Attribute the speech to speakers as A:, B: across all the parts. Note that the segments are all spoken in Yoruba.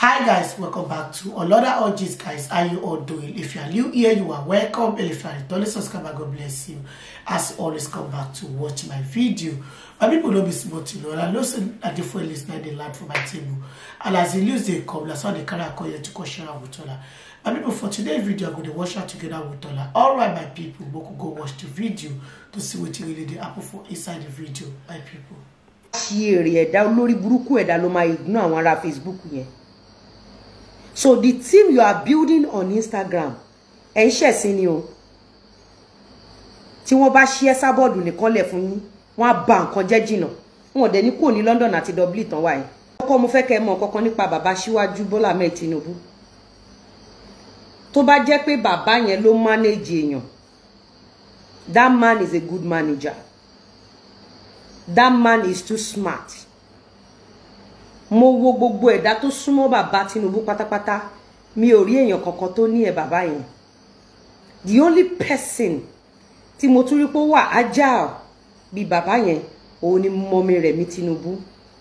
A: hi guys welcome back to another orgies guys how you all doing if you are new here you are welcome and if you are returning subscriber god bless you as always come back to watch my video my people no be small to know and i know say a different listener dey land for my table and as the news dey come na so i dey carry am come here to come share with una my people for today's video I'm going to watch am together with una alright my people we could go watch the video to see wetin really dey happen for inside the video my people. ṣí èrè ẹ̀dá olórí burúkú ẹ̀dá ló máa ignore àwọn ará facebook yẹn so the team you are building on Instagram ẹ ń ṣẹ̀sìn ni o tí wọ́n bá ṣí ẹ́sà bọ́ọ̀dù nìkan lẹ̀ fún yín wọ́n á ba nǹkan jẹ́ jìnnà wọn ò dẹ̀ ní kúrò ní London àti Dublin tán wáyé. kọ́kọ́ mo fẹ́ kẹ́ ẹ mọ̀ kankan nípa bàbá Síwájú Bọ́lá Ahmed Tinubu tó bá jẹ́ pé bàbá yẹn ló manage èèyàn that man is a good manager that man is too smart mo wo gbogbo ẹ̀dá tó súnmọ́ bàbá Tinubu pátápátá mi ò rí èèyàn kankan tó ní ẹ̀ bàbá yẹn the only person tí mo tún rí pé wà agile bí bàbá yẹn òun ni mọ́mi rẹ̀ mi Tinubu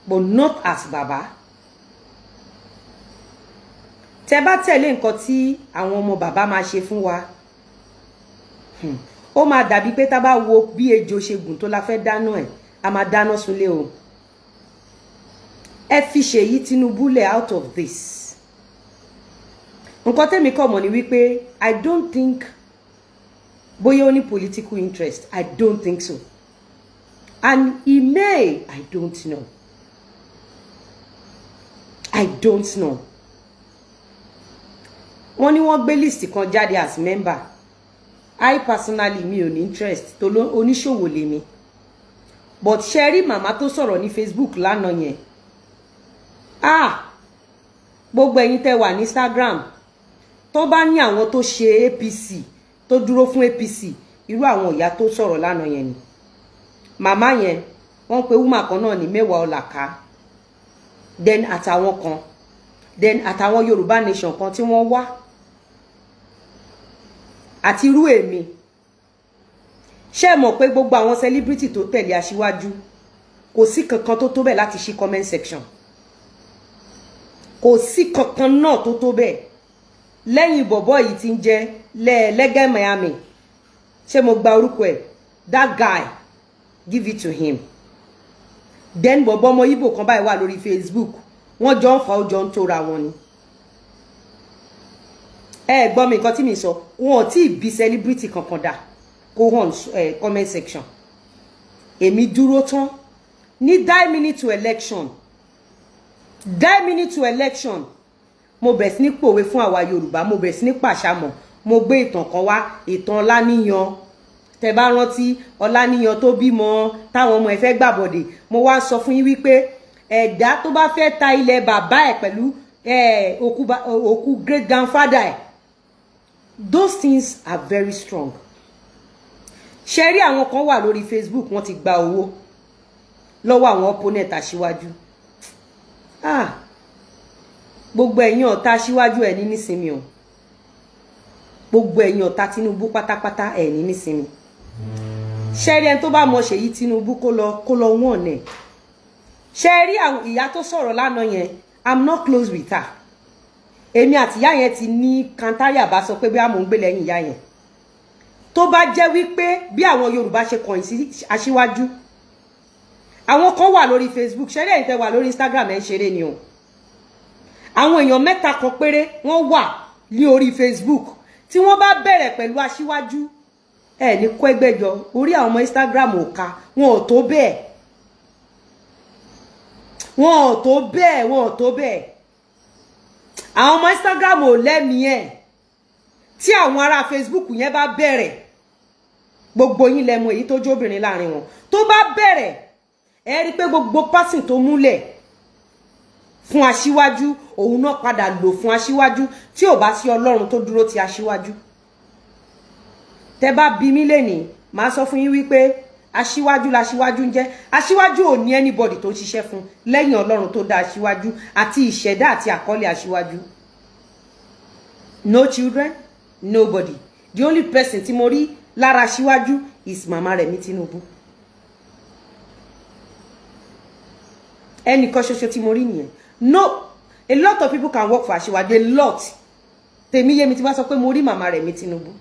A: but not as bàbá tẹ bá tẹ̀lé nǹkan tí àwọn ọmọ bàbá máa ṣe fún wa hmm, ó máa dàbí pé tá a bá wo bí ejò ṣe gùn tó la fẹ́ dáná ẹ̀ a máa dáná sunlé o ẹ fi Ṣèyí Tinubu lẹ̀ out of this nǹkan tẹ́mi kọ̀ mọ̀ ni wípé I don't think bóyá ó ní political interest I don't think so and he may I don't know I don't know wọ́n ní wọ́n gbé list kan jáde as member I personally mi ò ní interest tó oníṣòwò lèmi but ṣe rí màmá tó sọ̀rọ̀ ní Facebook lánàá yẹn ah gbogbo ẹ̀yin tẹ́ wà ní Instagram tó bá ní àwọn tó ṣe APC tó dúró fún APC irú àwọn ìyá tó sọ̀rọ̀ lánàá yẹn ni màmá yẹn wọ́n pe woman kan náà ní mẹ́wàá ọ̀làká then àtàwọn kan then àtàwọn Yorùbá nation kan tí wọ́n wá àti irú èmi ṣé mọ̀ pé gbogbo àwọn celebrity tó tẹ̀lé aṣíwájú kò sí kankan tó tó bẹ́ẹ̀ láti ṣí comment section kò sí kankan náà tó tó bẹ́ẹ̀ lẹ́yìn bọ̀bọ̀ yìí ti ń jẹ́ lẹ́ẹ̀lẹ́gẹ́ miami ṣé mo gba orúkọ ẹ̀ that guy give it to him then bọ̀bọ̀ ọmọ ibo kan báyìí wà lórí facebook wọ́n jọ ń fa ọjọ́ ń tóra wọn ni ẹ gbọ́ mi nǹkan tí mi sọ wọn ò tí ì bí celebrity kankan dà kó hàn comment section èmi dúró tán ní die minute to election die minute to election mo bẹ̀rẹ̀ sí ní pòwe fún àwa yorùbá mo bẹ̀rẹ̀ sí ní pàṣàmọ̀ mo gbé ìtàn kan wá ìtàn ọláníyan tẹ bá rántí ọláníyan tó bímọ táwọn ọmọ ẹ fẹ́ gbàbọ̀dè mo wá sọ fún yín wípé ẹ̀dá tó bá fẹ́ ta ilẹ̀ bàbá ẹ̀ pẹ̀lú òkú great grandfather ẹ̀ those things are very strong ṣe rí àwọn kan wà lórí facebook wọ́n ti gba owó lọ́wọ́ àwọn opponent aṣíwájú ah gbogbo ẹ̀yin ọ̀tá síwájú ẹ̀ ní nísinmi o gbogbo ẹ̀yin ọ̀tá Tinubu pátápátá ẹ̀ ní nísinmi ṣẹ́rí ẹni tó bá mọ Ṣèyí Tinubu kó lọ kó lọ wọ́n ọ̀nà ẹ̀ ṣẹ́rí ìyá tó sọ̀rọ̀ lánàá yẹn i'm not close with her èmi àti ìyá yẹn ti ní kantari àbá sọ pé bí a mò ń gbé lẹ́yìn ìyá yẹn tó bá jẹ́ wípé bí àwọn Yorùbá ṣe kọ̀yìn sí aṣíwájú àwọn kan wà lórí Facebook ṣeré ẹ̀yin tẹ́ wà lórí Instagram ẹ̀ ń ṣeré ni o àwọn èèyàn mẹ́ta kan péré wọ́n wà ní orí Facebook tí wọ́n bá bẹ̀rẹ̀ pẹ̀lú aṣíwájú ẹ̀ ní kó ẹgbẹ́jọ orí àwọn ọmọ Instagram ò ka wọn ò tó bẹ́ẹ̀ wọn ò tó bẹ́ẹ̀ wọn ò tó bẹ́ẹ̀ àwọn ọmọ Instagram ò lẹ́mìí ẹ̀ tí àwọn ará Facebook yẹn bá bẹ̀rẹ̀ gbogbo yín lẹ́mọ èyí tó jóbìnrin láàrin wọn tó bá bẹ̀rẹ̀ ẹ rí i pé gbogbo pásìn tó múlẹ̀ fún aṣíwájú òun náà padà lò fún aṣíwájú tí ò bá sí ọlọ́run tó dúró ti aṣíwájú tẹ bá bí mí lénìí màá sọ fún yín wípé aṣíwájú laṣíwájú ń jẹ́ aṣíwájú ò ní anybody tó ń ṣiṣẹ́ fún lẹ́yìn ọlọ́run tó dá aṣíwájú àti ìṣẹ̀dá àti àkọlé aṣíwájú no children nobody the only person tí mo rí lára aṣíwájú is mama Rẹ̀mí Tinubu. Any ṣoṣo ti mo rí nìyẹn no a lot of people can work for Aṣíwájú a lot tèmi yé mi ti bá sọ pé mo rí màmá rẹ̀ mi Tinubu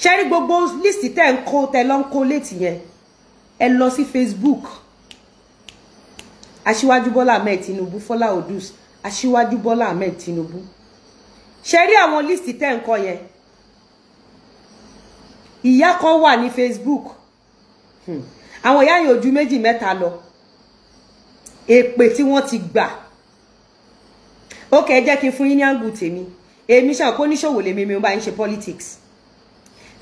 A: ṣe rí gbogbo lísì tẹ́ ń kó tẹ́ lọ ń kó létí yẹn ẹ lọ sí Facebook Aṣíwájú Bọ́lá Ahmed Tinubu fola odus. Aṣíwájú Bọ́lá Ahmed Tinubu ṣe rí àwọn lísì tẹ́ ń kọ yẹn kan wà ní Facebook. Hmm àwọn ìyá yẹn ojú méjì mẹ́ta lọ èpè tí wọ́n ti gbà ó kẹ́ ẹ jẹ́ kí n fún yín ní àǹgù tèmi èmi ṣe àwọn oníṣòwò lèmi mi ò bá ń ṣe politics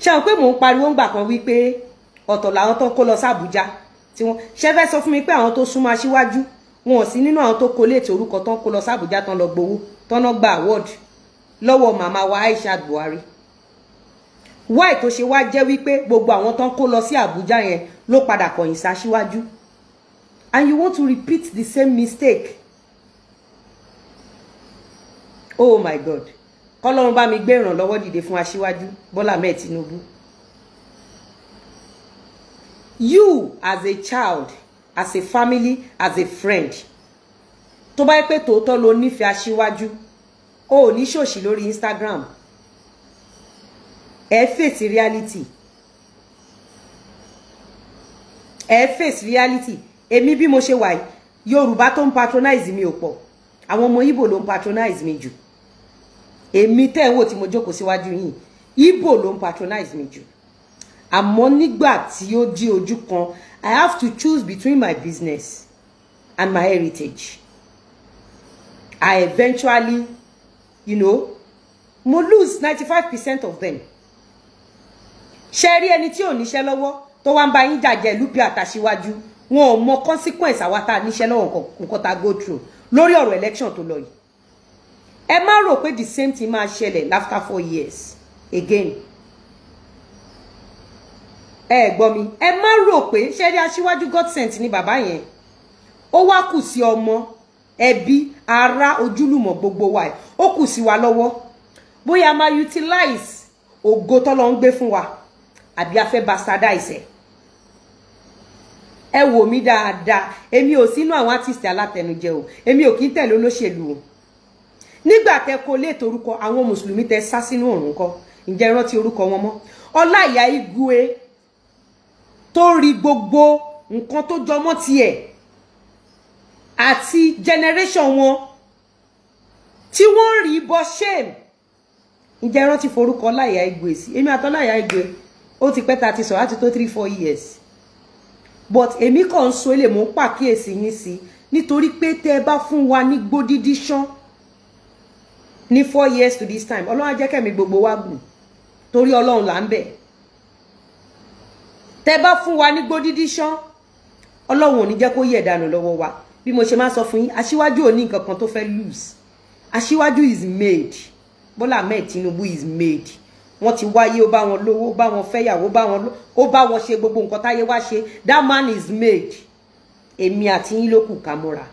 A: ṣe àwọn pé mò ń pariwo ń gbà kan wípé ọ̀tọ̀ làwọn tó kó lọ sí Àbújá tí wọ́n ṣe fẹ́ sọ fún mi pé àwọn tó súnmọ́ aṣíwájú wọn ò sí nínú àwọn tó kó léètì orúkọ tán kó lọ sí Àbújá tán lọ gbowó tán lọ gba award lọ́wọ́ màmá wa Aisha Buhari wáì tó ṣe wá jẹ́ wípé gbogbo àwọn tán kó lọ sí Àbújá yẹn ló padà kọ̀yìn sáṣíwájú and you want to repeat the same mistake oh my god kọ́lọ́run bá mi gbé ìrànlọ́wọ́ dìde fún aṣíwájú Bọ́lá mẹ́ẹ̀ Tinubu you as a child as a family as a friend tó bá yẹ pé tòótọ́ lo nífẹ̀ẹ́ aṣíwájú o ò ní ṣòṣì lórí Instagram ẹ face reality ẹ face reality èmi bí mo ṣe wà yìí yorùbá tó ń patronize mi ò pọ̀ àwọn ọmọ ibo ló ń patronize mi jù èmi tẹ́ ẹ̀ wò tí mo jókòó síwájú yìí ibo ló ń patronize mi jù àmọ́ nígbà tí ó di ojú kan i have to choose between my business and my heritage i eventually you know mo lose ninety five percent of them ṣe rí ẹni tí ò níṣẹ́ lọ́wọ́ tó wá ń bá yín jàjẹ́ lùpì àtàṣíwájú wọn ò mọ consequence àwa tá a níṣẹ́ lọ́wọ́ nǹkan tá a go through lórí ọ̀rọ̀ election tó lọ yìí ẹ má rò pé the same thing máa ṣẹlẹ̀ after four years again ẹ gbọ́ mi ẹ má rò pé ṣe rí aṣíwájú God sent ni bàbá yẹn ó wá kù sí ọmọ ẹbí ará ojúlùmọ̀ gbogbo wa ó kù sí wa lọ́wọ́ bóyá máa utilize ògo tọ́lọ́ ń gbé fún wa àbí a fẹ́ bastardize ẹ̀ ẹ wò mí dáadáa èmi ò sínú àwọn artist alátẹnujẹ o èmi ò kí ń tẹ̀lé olóṣèlú o nígbà tẹ kó lè torúkọ àwọn mùsùlùmí tẹ sá sínú òrùn kọ ǹjẹ́ rántí orúkọ wọn mọ́ ọláìyá igwe tó rí gbogbo nǹkan tó jọmọ́ tiẹ̀ àti generation wọn tí wọ́n rí bọ́ shame ǹjẹ́ rántí forúkọ ọláìyá igwe sí èmi àtọ́láìyá igwe ó ti pẹ́ ta ti sọ̀rọ̀ láti tó three four years but èmi kàn ń sọ èlé mò ń pàkíyèsí yín sí nítorí pé tẹ́ ẹ bá fún wa ní gbódídí ṣán ní four years to this time ọlọ́run á jẹ́ kẹ́mi gbogbo wa gùn torí ọlọ́run là ń bẹ̀ tẹ́ ẹ bá fún wa ní gbódídí ṣán ọlọ́run ò ní jẹ́ kó yẹ̀ dànù lọ́wọ́ wa bí mo ṣe máa sọ fún yín aṣíwájú ò ní nǹkan kan tó fẹ́ lose aṣíwájú is made Bọ́lá Ahmed Tinubu is made wọ́n ti wáyé ó bá wọn lówó ó bá wọn fẹ́yàwó ó bá wọn ṣe gbogbo nǹkan táyé wá ṣe that man is made èmi àti yín ló kù ká múra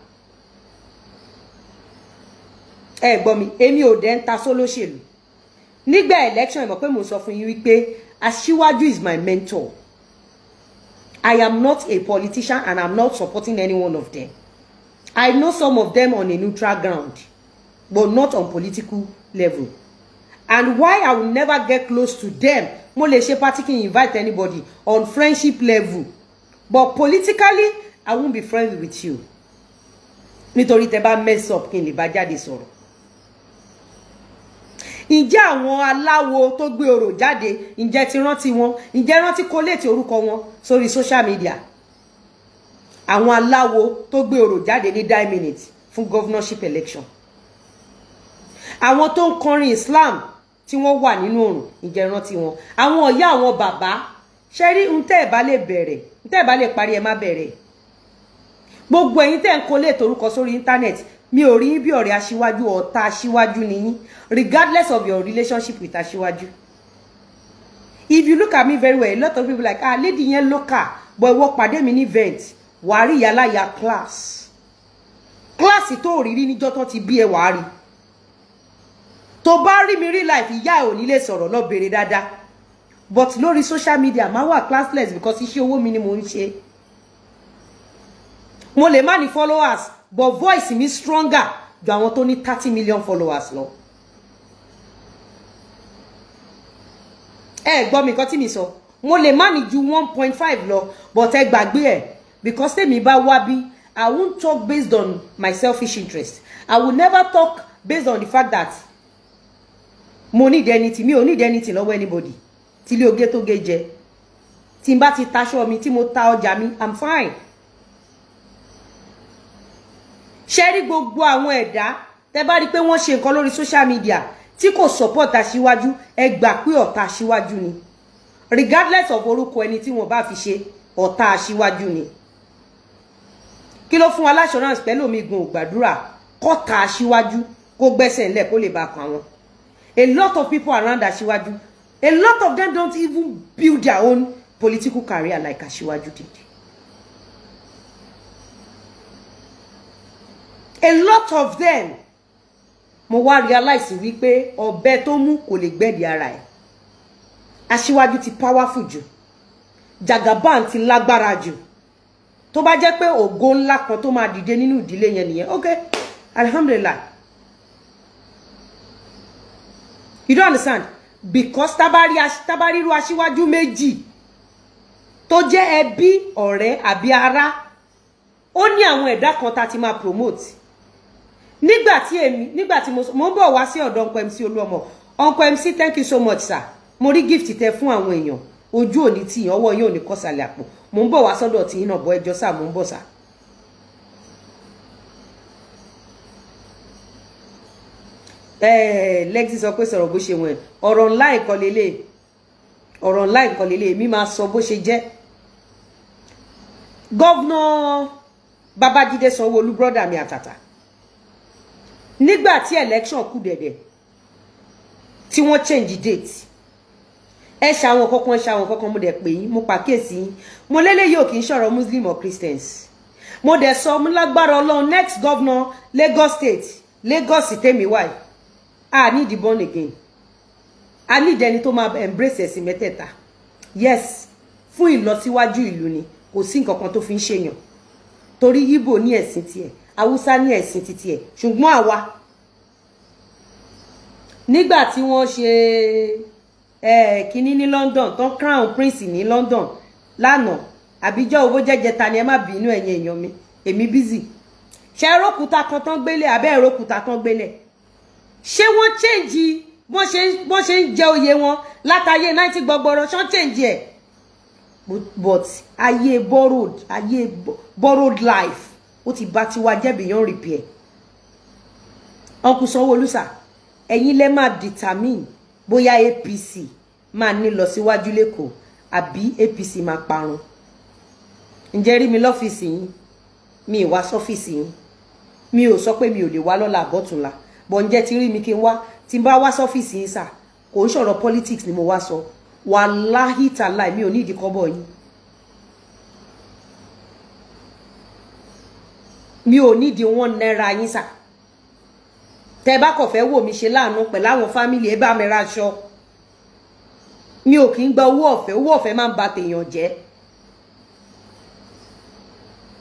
A: ẹ gbọ́ mi èmi ò dẹ́ ń ta sólóṣèlú nígbà election ìmọ̀ pé mò ń sọ fún yín wípé aṣíwájú is my mentor I am not a politician and I'm not supporting any one of them I know some of them on a neutral ground but not on political level and why I will never get close to them mo lè ṣe party kí invite anybody on friendship level but politically I won't be friends with you Nitori tẹ bá mess up kí n lè bá jáde sọ̀rọ̀ ǹjẹ́ àwọn aláwo tó gbé orò jáde ǹjẹ́ ti rántí wọn ǹjẹ́ rántí kóléètì orúkọ wọn sórí social media àwọn alawo tó gbé orò jáde ní die minute fún governorship election àwọn tó ń kọrin Islam tí wọ́n wà nínú òrùn ìjẹ́ rántí wọn àwọn ìyá àwọn bàbá ṣe rí ń tẹ́ ẹ̀ bá lè bẹ̀rẹ̀ ń tẹ́ ẹ̀ bá lè parí ẹ̀ má bẹ̀rẹ̀ gbogbo ẹ̀yin tẹ́ ń kó lè torúkọ sórí íńtánẹ́ẹ̀tì mi ò rí bí ọ̀rẹ́ aṣíwájú ọ̀tá aṣíwájú ni regardless of your relationship with aṣíwájú if you look at me very well a lot of people like ah lady yẹn local but ẹ wọ pàdé mi ní event wàá rí ìyá class class tó rí rí níjọ́ tó ti bí ẹ wàá rí tó bá rí mi real life ìyá ẹ̀ ò ní lè sọ̀rọ̀ lọ béèrè dáadáa but lórí social media máa wà classless because iṣẹ́ owó mi ni mo ń ṣe mo lè má ní followers but voice mi stronger ju àwọn tó ní thirty million followers lọ. ẹ gbọ́ mi nǹkan tí mi sọ mo lè má ní ju one point five lọ but ẹ gbàgbé ẹ because tèmi bá wá bí I won't talk based on my selfish interest I will never talk based on the fact that mo need anything mi ò need anything lọ́wọ́ anybody tí ilé oge tó ge jẹ tí n bá ti taṣọ mi tí mo ta ọjà mi i'm fine ṣe rí gbogbo àwọn ẹ̀dá tẹ́ bá rí pé wọ́n ṣe nǹkan lórí social media tí kò support aṣíwájú ẹ gbà pé ọ̀tá aṣíwájú ni regardless of orúkọ ẹni tí wọ́n bá fi ṣe ọ̀tá aṣíwájú ni kí ló fún wa láṣọ náà pẹ̀lú omi gun ògbàdúrà kọ́ta aṣíwájú kó gbẹ́sẹ̀ ńlẹ̀ kó lè bá pa wọn A lot of people around Ashiwaju, a lot of them don't even build their own political career like Ashiwaju did. A lot of them, mo wá realize wípé ọ̀bẹ tó mú kò lè gbẹ̀dì ara ẹ̀. Asiwaju ti powerful jù, Jagaban ti lágbára jù. Tó bá jẹ́ pé ògo ńlá kan tó máa dìde nínú ìdílé yẹn nìyẹn, okay, alhamdulillah. you don't understand because tabari tabari irú aṣíwájú méjì tó jẹ́ ẹbí ọ̀rẹ́ àbí ará ó ní àwọn ẹ̀dá kan tá ti máa promote nígbà tí èmi nígbà tí mo ń bọ̀ wá sí ọ̀dọ̀ uncle MC Olúọmọ uncle MC thank you so much sir mo rí gift tẹ fún àwọn èèyàn ojú òní tì yín ọwọ́ yín ò ní kọ́sàlẹ̀ àpò mo ń bọ̀ wá sọ́dọ̀ tì yín náà bọ́ mo ń bọ̀ lexi sọ pé sọ̀rọ̀ bó ṣe wọ̀n ọ̀rọ̀ ńlá ìkọlélé ọ̀rọ̀ ńlá ìkọlélé mi máa sọ bó ṣe jẹ́ gọ́vnà babájídé sanwóolu brọ́dà mi àtàtà nígbà tí election kù dẹ̀dẹ̀ tí wọ́n change date ẹ ṣàwọn kankan ṣàwọn kankan mo dẹ̀ pè mo pàkíyèsí mo lélẹ́yìí ò kì í ṣọ̀rọ̀ muslim or christians mo dẹ̀ sọ mo ọlọ́run next governor lagos state lagos tèmi wáyé I need the born again I need ẹni tó máa embrace ẹ̀sìn mẹ́tẹ̀ẹ̀ta yes fún ìlọsíwájú ìlú ni kò sí nǹkan kan tó fi ń ṣèyàn torí Ìgbò ní ẹ̀sìn tiẹ̀ Haúsá ní ẹ̀sìn ti tiẹ̀ ṣùgbọ́n àwa nígbà tí wọ́n ṣe kínní ní London tán crown prince ní London lánàá àbíjọ́ owó jẹ́jẹ́ ta ni ẹ má bínú ẹ̀yin èèyàn mi èmi busy ṣe ẹrókùtà kan tán gbélé àbẹ́ ẹrókùtà kan gbélé ṣé wọ́n change bọ́n ṣe bọ́n ṣe ń jẹ oyè wọn látàyè náìtì gbọgbọrọ ṣán change ẹ̀ but ayé borrowed ayé borrowed life ó ti bá tiwa jẹ́ beyond repair uncle sanwó-olu sà ẹ̀yin lẹ́ máa determine bóyá APC máa ní lọ síwájú lẹ́kọ̀ọ́ àbí APC máa parun ǹjẹ́ rí mi lọ́fíìsì yín mi ì wá sọ́fíìsì yín mi ò sọ pé mi ò lè wá lọ́la àbọ̀túnla bọ̀ ń jẹ́ ti rí mi kí n wá tí n bá wá sọ́fíìsì yín sà kò ń sọ̀rọ̀ politics ni mo wá sọ wàláhì tàlà mi ò ní ìdí kọ́bọ̀ yín mi ò ní ìdí wọn náírà yín sà tẹ bá kọ̀ fẹ́ wò mí ṣe láàánú pẹ̀lú àwọn fámìlì ẹ bá mi raṣọ mi ò kì í gba owó ọ̀fẹ́ owó ọ̀fẹ́ máa ń ba tèèyàn jẹ́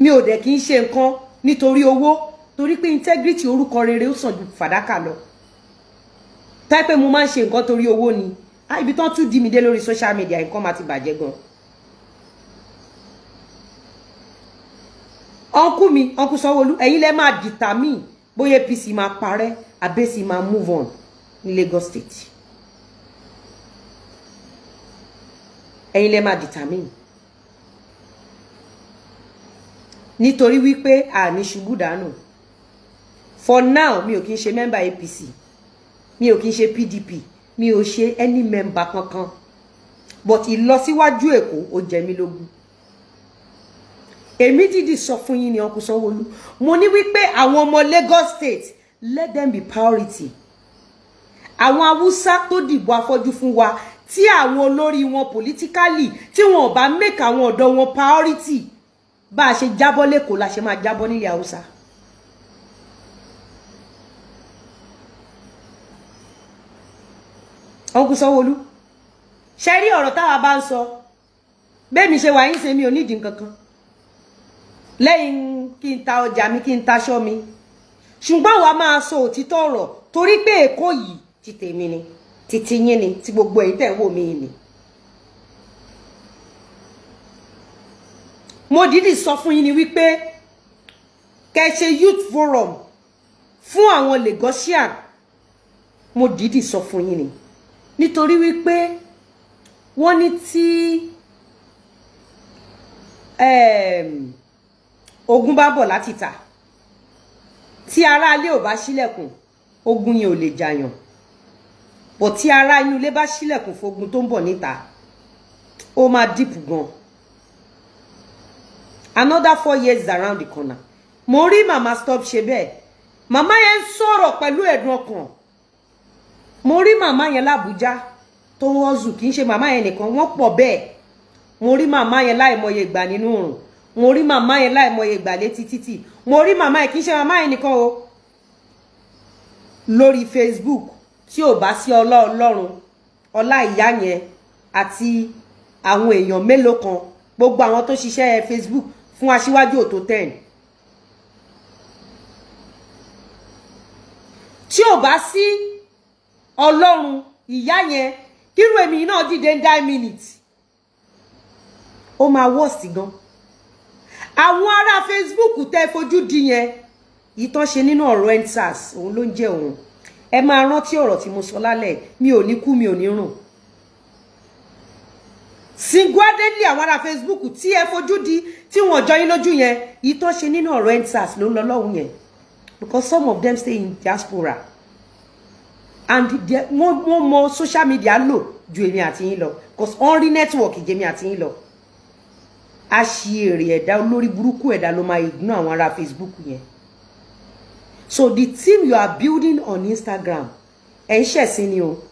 A: mi ò dẹ̀ kì í ṣe nǹkan nítorí owó torí pé integrity orúkọ rere ó sàn ju fàdákà lọ táì pé mo máa ń ṣe nǹkan torí owó ni ah, ibi tán tún dí mi dé lórí social media nǹkan máa ti bàjẹ́ gan. ọ̀nkú mi ọ̀nkú sanwóolu ẹ̀yin lẹ́ máa determine bóyá apc máa parẹ́ abẹ́sì máa move on ní Lagos State ẹ̀yin lẹ́ máa determine nítorí wípé àní ṣubú dànù. No for now mi ò kí ń member APC mi ò kí ń PDP mi ò ṣe any member kankan but ìlọsíwájú Èkó eko o mí lógún èmi dìdì sọ fún yín ní ọkùn Sanwó-Olú mo ní wípé àwọn ọmọ Lagos State let them be priority àwọn Haúsá tó dìbò afọ́jú fún wa Ti àwọn olórí wọn politically Ti wọn ba make àwọn ọ̀dọ́ wọn priority Ba a ṣe jábọ́ lẹ́kọ̀ọ́ la ṣe máa jábọ́ nílẹ̀ Haúsá. ọkùn sanwóolu ṣe rí ọ̀rọ̀ táwa bá ń sọ bẹ́ẹ̀ mi ṣe wà yín ṣe mi ò nídìí kankan lẹ́yìn kí n ta ọjà mi kí n taṣọ mi ṣùgbọ́n àwa máa sọ òtítọ́ ọ̀rọ̀ torí pé èkó yìí ti tèmi ni títí yín ni tí gbogbo èyí tẹ̀ ń wò mí ni. mo dìídì sọ fún yín ni wípé kẹ ṣe youth forum fún àwọn Lagosian mo dìídì sọ fún yín ni nítorí wípé wọ́n ní tí ehm, ogun bá bọ̀ láti ta tí aráalé ò bá ṣílẹ̀kùn ogun yẹn ò lè jàyàn bọ̀ tí ará inú ilé bá ṣílẹ̀kùn fogun tó ń bọ̀ níta ó máa dìpù gan another four years around the corner mo rí màmá stop ṣe bẹ́ẹ̀ màmá yẹn ń sọ̀rọ̀ pẹ̀lú ẹ̀dùn ọkàn mo rí màmá yẹn lábújá tó hustle kì í ṣe màmá yẹn nìkan wọ́n pọ̀ bẹ́ẹ̀ mo rí màmá yẹn láìmọye ìgbà nínú òrùn mo rí màmá yẹn láìmọye ìgbà létí títì mo rí màmá yẹn kì í ṣe màmá yẹn nìkan o lórí Facebook tí ò bá sí ọlá Ọlọ́run ọlá ìyá yẹn àti àwọn èèyàn mélòó kan gbogbo àwọn tó ṣiṣẹ́ Facebook fún aṣíwájú òtó ten tí ò bá sí. Si, ọlọ́run ìyá yẹn kírú èmi náà dìde ní nine minutes ó máa wọ́ọ̀sì gan àwọn ará Facebook tẹ́ fojú di yẹn ìtàn ṣe nínú ọ̀rọ̀ endsars òun ló ń jẹ́ òun ẹ máa rántí ọ̀rọ̀ tí mo sọ lálẹ́ mi ò ní kú mi ò ní rùn singuadeli àwọn ará Facebook tí ẹ fojú di tí wọ́n jọ yín lójú yẹn ìtàn ṣe nínú ọ̀rọ̀ endsars ló ń lọ lọ́hùn yẹn because some of them stay in diaspora and wọ́n mọ social media lò ju èmi àti yín lọ Cause only rí network jẹ́mi àti yín lọ a ṣe èrè ẹ̀dá olórí burúkú ẹ̀dá ló máa ignore àwọn ará Facebook yẹn so the team you are building on Instagram en ń ṣẹ̀sìn ni o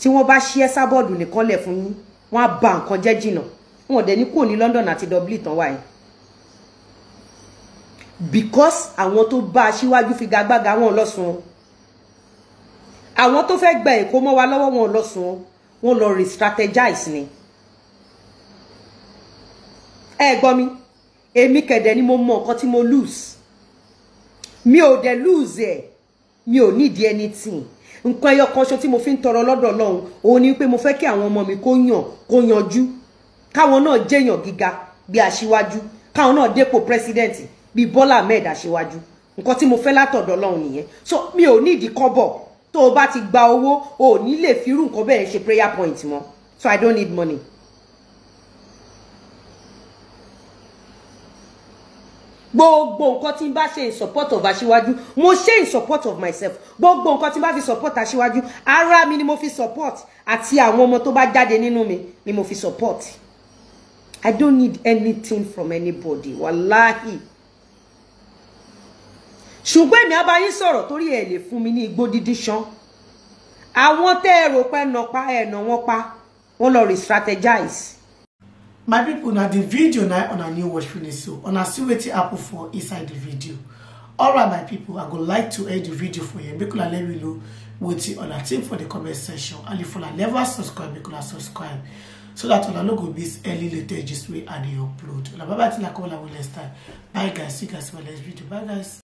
A: tí wọ́n bá ṣí ẹ́ sábọ́ọ̀dù nìkan lẹ̀ fún yín wọ́n á ba nǹkan jẹ́ jìnnà wọn ò dẹ̀ ní kúrò ní London àti Dublin tán wà yìí because àwọn tó bá aṣíwájú figagbága wọn lọ́sùn àwọn tó fẹ́ gba èkó mọ́ wa lọ́wọ́ wọn lọ sùn wọn lọ re-strategize ni ẹ gbọ́ mi èmi kẹ̀dẹ̀ ni mo mọ nǹkan tí mo lose mi ò dẹ̀ lose ẹ̀ mi ò nídìí anything nǹkan ẹyọ kan ṣo tí mo fi ń tọrọ lọ́dọ̀ Ọlọ́run òun ni pé mo fẹ́ kí àwọn ọmọ mi kó yàn kó yanjú káwọn náà jẹ́yàn gíga bí aṣíwájú káwọn náà dépò president bí Bọ́lá Ahmed aṣíwájú nǹkan tí mo fẹ́ látọ̀dọ̀ Ọlọ́run nìyẹn so mi ò nídìí kọ́bọ̀ tó o bá ti gba owó o ò ní fi irú nǹkan bẹ́ẹ̀ ṣe prayer point mo so I don't need money. gbogbo nǹkan tí n bá in support of aṣíwájú mo ṣe in support of myself gbogbo nǹkan tí n bá fi support aṣíwájú ara mi ni mo fi support ati àwọn ọmọ tó bá jáde nínú mi ni mo fi support i don't need anything from anybody Wallahi ṣùgbọ́n èmi abá yín sọ̀rọ̀ torí ẹ̀ lè fún mi ní igbó dídí ṣán àwọn tẹ́ ẹ rò pé nà pa ẹ̀ nà pa wọ́n lọ re-strategize. my pipo na di video na una new watch finish so una see wetin happen for inside di video alright my pipo i go like to end di video for here make una let me know wetin una think for di comment section and if una never subscribe make una subscribe so that una no go miss any latest gist wey i dey upload una bye bye till i come una next time bye guys see you guys for my next video bye guys.